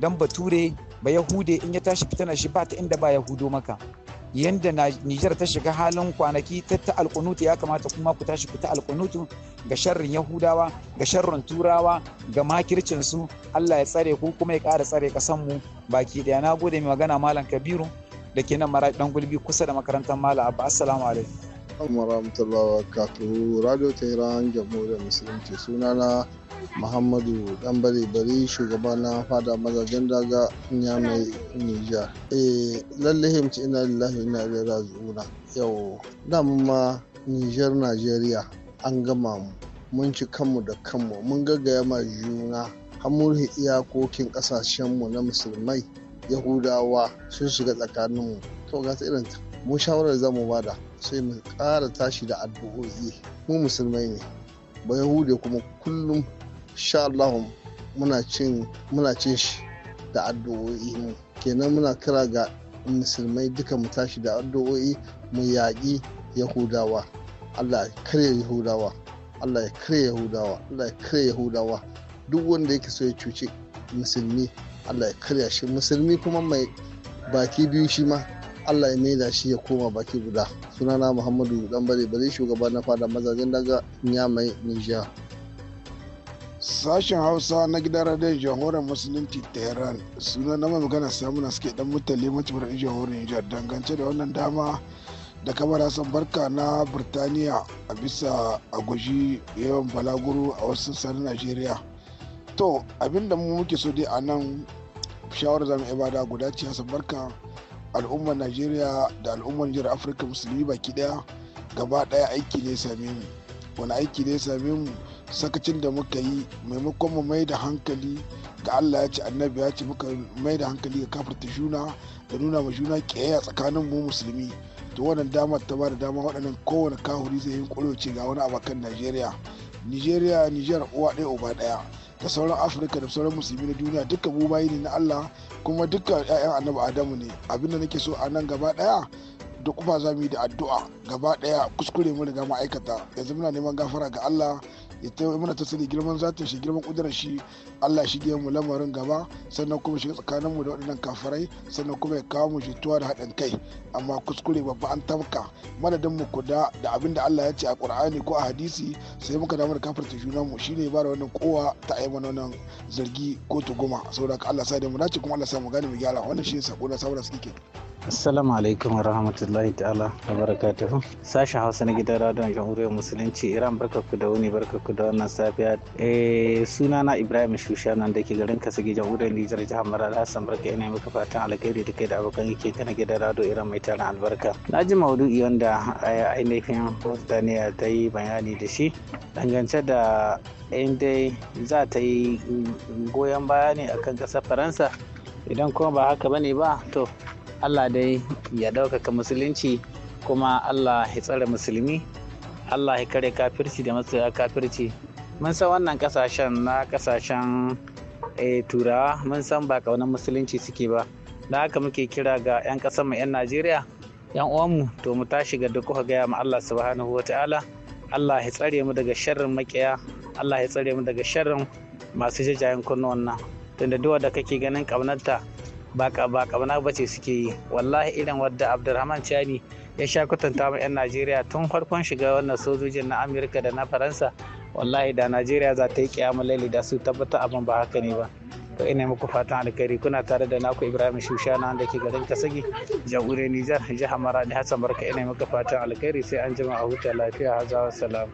don bature ba yahude in ya tashi fitana shi ba ta inda ba yahudo maka yadda Nijar ta shiga halin kwanaki ta ta ya kamata kuma ku tashi ku ta alkunutu ga sharrin Yahudawa ga sharrin Turawa ga makircinsu. Allah ya tsare ku kuma ya ƙara tsare kasan mu baki daya na gode mai magana Malam Kabiru da ke nan mara ɗan gulbi kusa da makarantar Malam Abba assalamu alaikum alaikum warahmatullahi wabarakatuh radio tehran jamhuriyar musulunci sunana muhammadu Dan bari shugaba na fada mazajen daga nyamai nijar eh lallai himci ina lillahi ina ilaihi raji'una yau damun ma nijar najeriya an gama mu mun ci kanmu da kanmu mun gaggaya ma juna hamurhi iyakokin kasashenmu na musulmai yahudawa sun shiga tsakaninmu to ga irin mu shawarar zamu bada sai mu ƙara tashi da addu'o'i mu musulmai ne ba yahude kuma kullum sha Allah muna cin shi da addu'o'i mu kenan muna kira ga musulmai duka mu tashi da addu'o'i mu yaƙi yahudawa Allah ya karya yahudawa Allah ya karya yahudawa Allah ya karya yahudawa duk wanda yake so ya cuci musulmi Allah ya karya shi musulmi kuma mai baki biyu shi ma Allah ya maida shi ya koma baki guda sunana Muhammadu Dan bare shugaba na fada mazajen daga Nyamai Nijar sashen hausa na gidan radiyon jamhuriyar musulunci tehran suna na magana samuna suke dan mutane matuwar jamhuriyar nijar dangance da wannan dama da kamar hassan barka na birtaniya a bisa a yawan balaguro a wasu sassan najeriya to abinda mu muke so dai a nan shawarar zamu ibada guda ce sabarka barka al'ummar najeriya da al'ummar jihar afirka musulmi baki daya gaba daya aiki ne same mu wani aiki ne same mu sakacin da muka yi maimakon mu mai da hankali ga allah ya ce annabi ya ci muka mai da hankali ga kafirta juna da nuna ma juna kiyaya tsakanin mu musulmi to wannan damar ta ba da dama waɗannan kowane kahuri zai yi ce ga wani abakan najeriya nigeria niger uwa ɗaya uba ɗaya da sauran afirka da sauran musulmi na duniya duka mu bayi ne na allah kuma duka 'ya'yan annabi adamu ne abinda nake so a nan gaba daya da kuma za mu yi da addu'a gaba daya kuskure mu riga ma'aikata yanzu muna neman gafara ga allah ya muna ta sani girman ta shi girman kudura shi Allah shi mu lamarin gaba sannan kuma shiga tsakanin mu da waɗannan kafarai sannan kuma ya kawo mu jituwa da haɗin kai amma kuskure babba an tamka madadin mu kuda da abin da Allah ya ce a Qur'ani ko a hadisi sai muka damar ta junan mu shine ba da wannan kowa ta ayi mana wannan zargi ko tuguma saboda Allah sa da mu dace kuma Allah sa mu gane mu gyara wannan shi sako na saboda suke Assalamu alaikum wa rahmatullahi ta'ala wa barakatuhu. Sashen Hausa na gidan radon jamhuriyar Musulunci Iran barkaku da wuni barkaku da wannan safiya. Eh, suna na Ibrahim Shushanan da ke garin kasage jamhuriyar Nijar jihar Marala Hassan Barka yana maka fatan alkhairi da kai da abokan yake kana gidan rado irin mai tara albarka. Na ji maudu'i wanda eh, ainihin Daniya ta yi bayani da shi dangance da in dai za ta yi goyon baya ne akan ƙasar Faransa idan kuma ba haka ba ne ba to Allah dai ya ɗaukaka musulunci kuma Allah ya tsare musulmi Allah ya kare kafirci da masoya kafirci mun san wannan kasashen na kasashen eh, turawa mun san ba kaunar musulunci suke ba da haka muke kira ga 'yan kasar mu 'yan najeriya 'yan uwanmu to mu tashi ga duk gaya ma allah subhanahu wa ta'ala allah ya tsare mu daga sharrin makiya allah ya tsare mu daga sharrin masu jajayen kunnuwan nan tunda duwa da kake ganin kaunanta ba ba ka ba ce suke yi wallahi irin wadda abdulrahman chani ya sha kwatanta ma 'yan najeriya tun farkon shiga wannan sojojin na amurka da na faransa wallahi da najeriya za ta yi kiyama laili da su tabbata abin ba haka ne ba to ina muku fatan alkhairi kuna tare da naku ibrahim shushana da ke garin kasagi jamhuriyar nijar jihar maradi hassan barka ina muku fatan alkhairi sai an jima a huta lafiya hazawa salam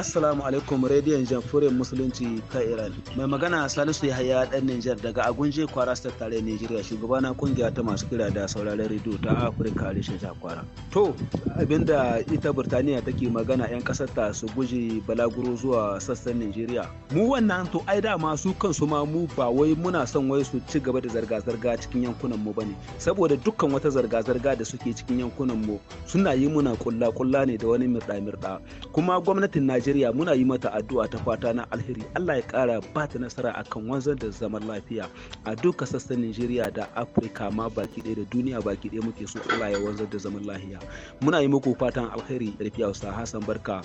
Assalamu alaikum rediyon jamfurin musulunci ta Iran. Mai magana Salisu Yahaya dan Nijar daga Agunje Kwara State tare Nigeria shugabana kungiya ta masu kira da sauraron rediyo ta Afirka Alisha Jakwara. To abinda ita Burtaniya take magana yan kasar ta su guji balaguro zuwa sassan Nigeria. Mu wannan to ai da masu kansu ma mu ba wai muna son wai su ci gaba da zarga-zarga cikin yankunan mu bane saboda dukkan wata zarga-zarga da suke cikin yankunan mu suna yi muna kulla-kulla ne da wani mirda-mirda kuma gwamnatin Najeriya Najeriya muna yi mata addu'a ta fata na alheri Allah ya kara ba ta nasara akan wanzar da zaman lafiya a duka sassan Najeriya da Afirka ma baki ɗaya da duniya baki ɗaya muke so Allah ya wanzar da zaman lafiya muna yi muku fatan alheri rafiya Hausa Hassan Barka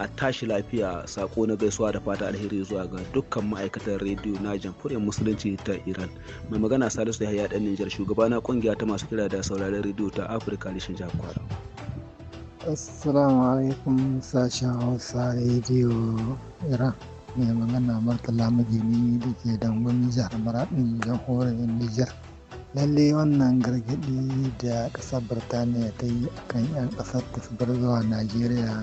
a tashi lafiya sako na gaisuwa da fata alheri zuwa ga dukkan ma'aikatan rediyo na jamhuriyar musulunci ta Iran mai magana Salisu Yahaya dan Nijar shugaba na kungiya ta masu kira da sauraron rediyo ta Afirka Lishin Jakwara. Assalamu alaikum sashen Hausa Radio Iran. mai magana Murtala Magini da ke dangwani jihar Maradin jamhuriyar Nijar. Lalle wannan gargaɗi da ƙasar Birtaniya ta yi a kan 'yan ƙasar ta bar zuwa Najeriya.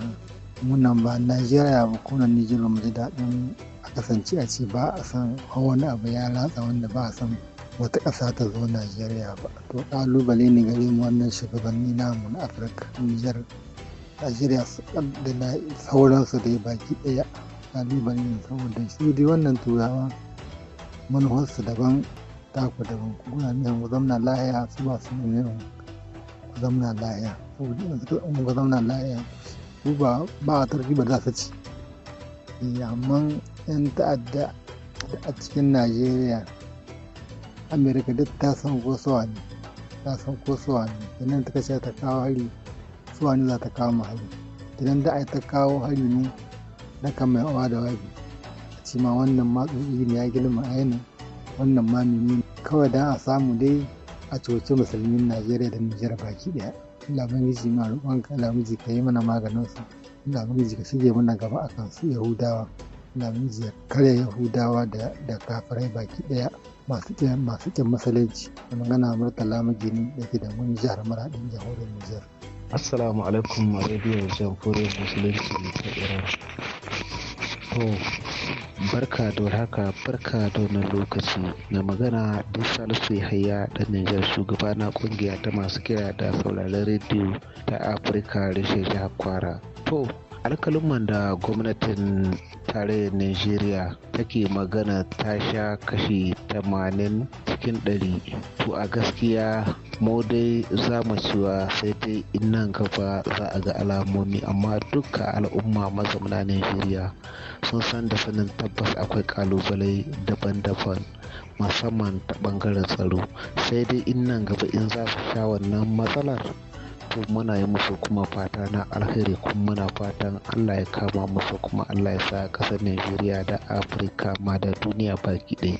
Munan ba Najeriya ba kuna Nijar ba mu ji daɗin a kasance a ce ba a san wani abu ya latsa wanda ba a san wata ƙasa ta zo Najeriya ba. To ƙalubale ne gare mu wannan shugabanni namu na Afirka Nijar a shirya da na sauransu da baki ɗaya kalubale ne saboda shi dai wannan turawa manufarsu daban taku daban kuma ne mu zamna lahiya su ba su ne mu zamna lahiya saboda in suka zamna lahiya su ba ba a tarki ba za su ci eh, amma yan ta'adda a cikin najeriya amerika duk ta san ko ne ta san ko ne sannan ta kashe ta kawari su wani za ta kawo mu hari idan da yi ta kawo hari ne na kan mai awa da wabi a ce ma wannan ma tsotsi ne ya girma ainihin wannan ma ne. kawai dan a samu dai a coci musulmin najeriya da nijar baki daya labangiji ma ka labangiji ka yi mana maganin maganinsu labangiji ka shige mana gaba a kan su yahudawa labangiji ya karya yahudawa da kafirai baki daya masu ƙin masalanci da magana murtala magini da ke da mun jihar maraɗin jamhuriyar nijar assalamu alaikum radio jamhuriyar musulunci ta iran to barka da haka barka da wannan lokaci na magana duk salisu yahaya dan nijar shugaba na kungiya ta masu kira da sauraron rediyo ta afirka rashin jihar kwara to alkalin da gwamnatin tarayyar nigeria take magana ta sha kashi 80 cikin ɗari to a gaskiya mu dai za mu cewa sai dai in nan gaba za a ga alamomi amma dukkan al'umma mazauna najeriya sun san da sanin tabbas akwai kalubale daban-daban musamman ta ɓangaren tsaro sai dai in nan gaba in za su sha wannan matsalar muna yi musu kuma fata na alheri kuma muna fatan Allah ya kama musu kuma Allah ya sa ƙasar Najeriya da Afirka ma da duniya baki ɗaya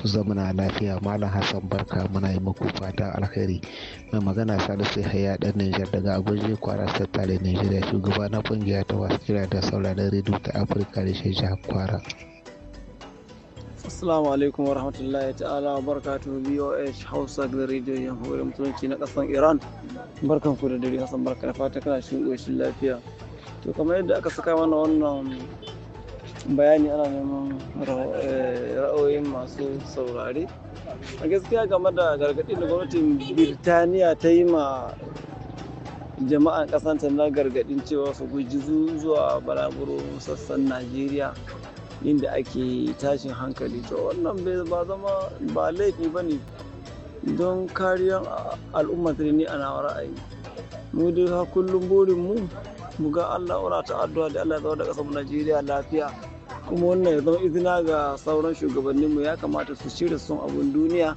su zama na lafiya Malam Hassan Barka muna yi muku fata alheri mai magana Salisu haya dan Niger daga Abuja Kwara Tare Najeriya shugaba na kungiya ta wasu kira da sauraron redio ta Afirka da shi Kwara. Assalamu alaikum wa rahmatullahi ta'ala wa barakatuhu BOH Hausa da Radio Jamhuriyar Musulunci na ƙasar Iran. Barkan ku da dare Hassan barka da fata kana cikin ƙoshin lafiya. To kamar yadda aka saka mana wannan bayani ana neman ra'ayoyin eh, masu saurare. A gaskiya game da gargaɗi da gwamnatin Birtaniya ta yi ma jama'an ta na gargaɗin cewa su guji zuwa balaguro sassan Najeriya. inda ake tashin hankali to wannan bai ba zama ba laifi ba ne don kariyar al'ummar ne a nawa ra'ayi mu dai ha kullum burin mu mu ga Allah ura ta addu'a da Allah ya da kasar Najeriya lafiya kuma wannan ya zama izina ga sauran shugabannin mu ya kamata su shirya sun abun duniya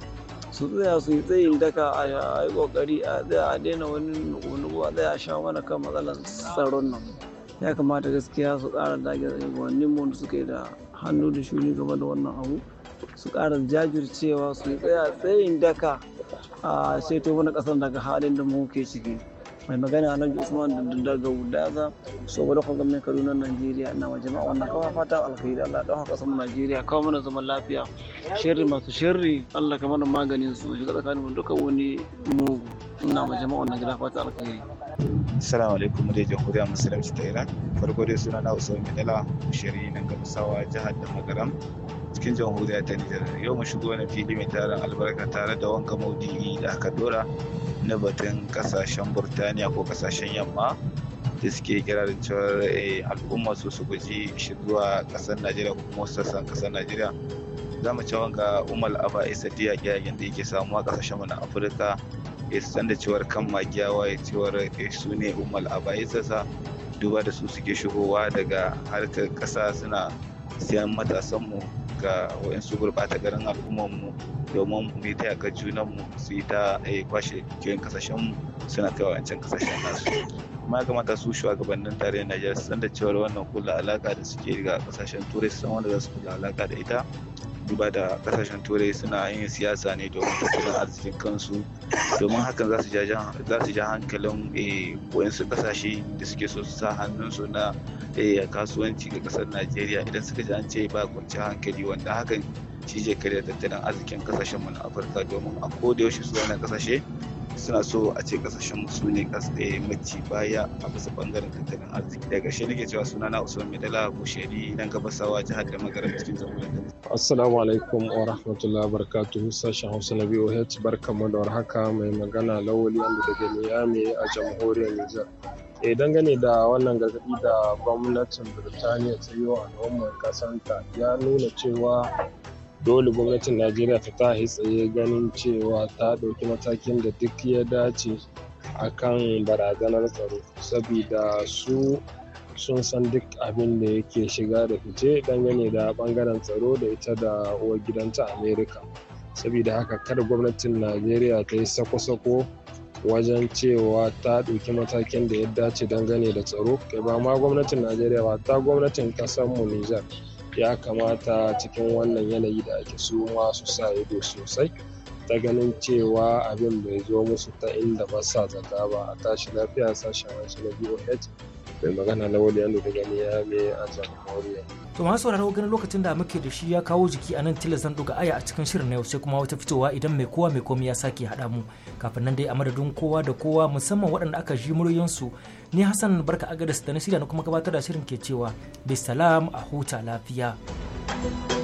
su tsaya su yi tsayin daka a yi kokari a a daina wani nuku a tsaya a sha mana kan matsalar tsaron nan. ya kamata gaskiya su ƙara dage shugabannin mu da suke da hannu da shuni game da wannan abu su ƙara jajircewa su yi tsaya tsayin daka a ceto mana ƙasar daga halin da muke ciki mai magana alhaji usman da daga wudaza saboda kuma gwamnan kaduna najeriya ina ma jama'a wannan kawai fatan alkhairi allah don haka ƙasar najeriya kawo mana zaman lafiya shirri masu shirri allah kamar maganin su shiga tsakanin duka wani mugu ina ma jama'a wannan gida fatan alkhairi Assalamu alaikum da jamhuriyar musulunci ta Iran. Farko dai suna na Usman Madala, shari'i nan Gamsawa jihar da Magaram cikin jamhuriyar ta Nijar. Yau mu shigo wani fili mai tarin albarka tare da wanka maudu'i da aka dora na batun kasashen Burtaniya ko kasashen yamma da suke da cewar eh, al'umma su su guji shigowa kasar Najeriya ko kuma sassan kasar Najeriya. Za mu ci wanka Umar Aba Isa Diya gyagen da yake samuwa kasashen mu na Afirka bai san da cewar kan magiyawa ya cewar eh, su ne umar abayisasa duba da su suke shigowa daga harkar ƙasa suna siyan matasanmu ga waɗansu gurɓata garin al'ummarmu domin mu yi yaka junanmu su yi ta eh, kwashe kiyon kasashenmu suna kai wancan kasashen nasu kuma ga mata su shugabannin tarayyar najeriya su san da cewar wannan kula alaka da suke ga kasashen turai su san wanda za su kula alaka da ita duba da kasashen turai suna yin siyasa ne domin tattalin arzikin kansu domin hakan za su ja hankalin eh, wayansu kasashe da suke so su sa hannunsu na eh, kasuwanci ga kasar najeriya idan suka ji an ce ba kwanci hankali wanda hakan shi je karya tattalin arzikin kasashen mu na afirka domin a koda yaushe su zana kasashe suna so a ce kasashen su ne eh, mace baya a bisa bangaren tattalin arziki daga shi nake cewa suna na usman medala bushari nan gabasawa jihar da magarin cikin jamhuriyar assalamu alaikum wa rahmatullahi barakatuhu sashen hausa na biyu hec barkamu da warhaka mai magana lawali wanda daga miami a jamhuriyar niger. e eh, dangane da wannan gargaɗi da gwamnatin birtaniya ta yi wa al'ummar kasanta ya nuna cewa dole gwamnatin najeriya ta yi tsaye ganin cewa ta ɗauki matakin da duk ya dace a kan barazanar tsaro sabida su sun san duk abin da yake shiga da fice dangane da bangaren tsaro da ita da uwar gidanta amerika saboda haka kada gwamnatin najeriya ta yi sako-sako wajen cewa ta ɗauki matakin da ya dace dangane da tsaro kai ba ma gwamnatin najeriya ba ta gwamnatin mu nijar ya kamata cikin wannan yanayi da ake suma su sa ido sosai ta ganin cewa abin bai zo musu ta inda ba sa zata ba a tashi lafiya sashen wasu na boh mai magana na wani yanu daga me a jamhuriya. to masu sauraro ganin lokacin da muke da shi ya kawo jiki a nan tilastan doga aya a cikin shirin na yau sai kuma wata fitowa idan mai kowa mai komai ya sake haɗa mu kafin nan dai a madadin kowa da kowa musamman waɗanda aka ji muryansu ni hassan barka agadis da na shirya na kuma gabatar da shirin ke cewa bisalam a huta lafiya. thank you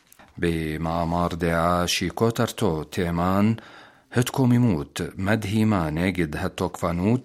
بمعمار داعش كوترتو تيمان هتكو ميموت مدهيمانة قد هتوك فانوت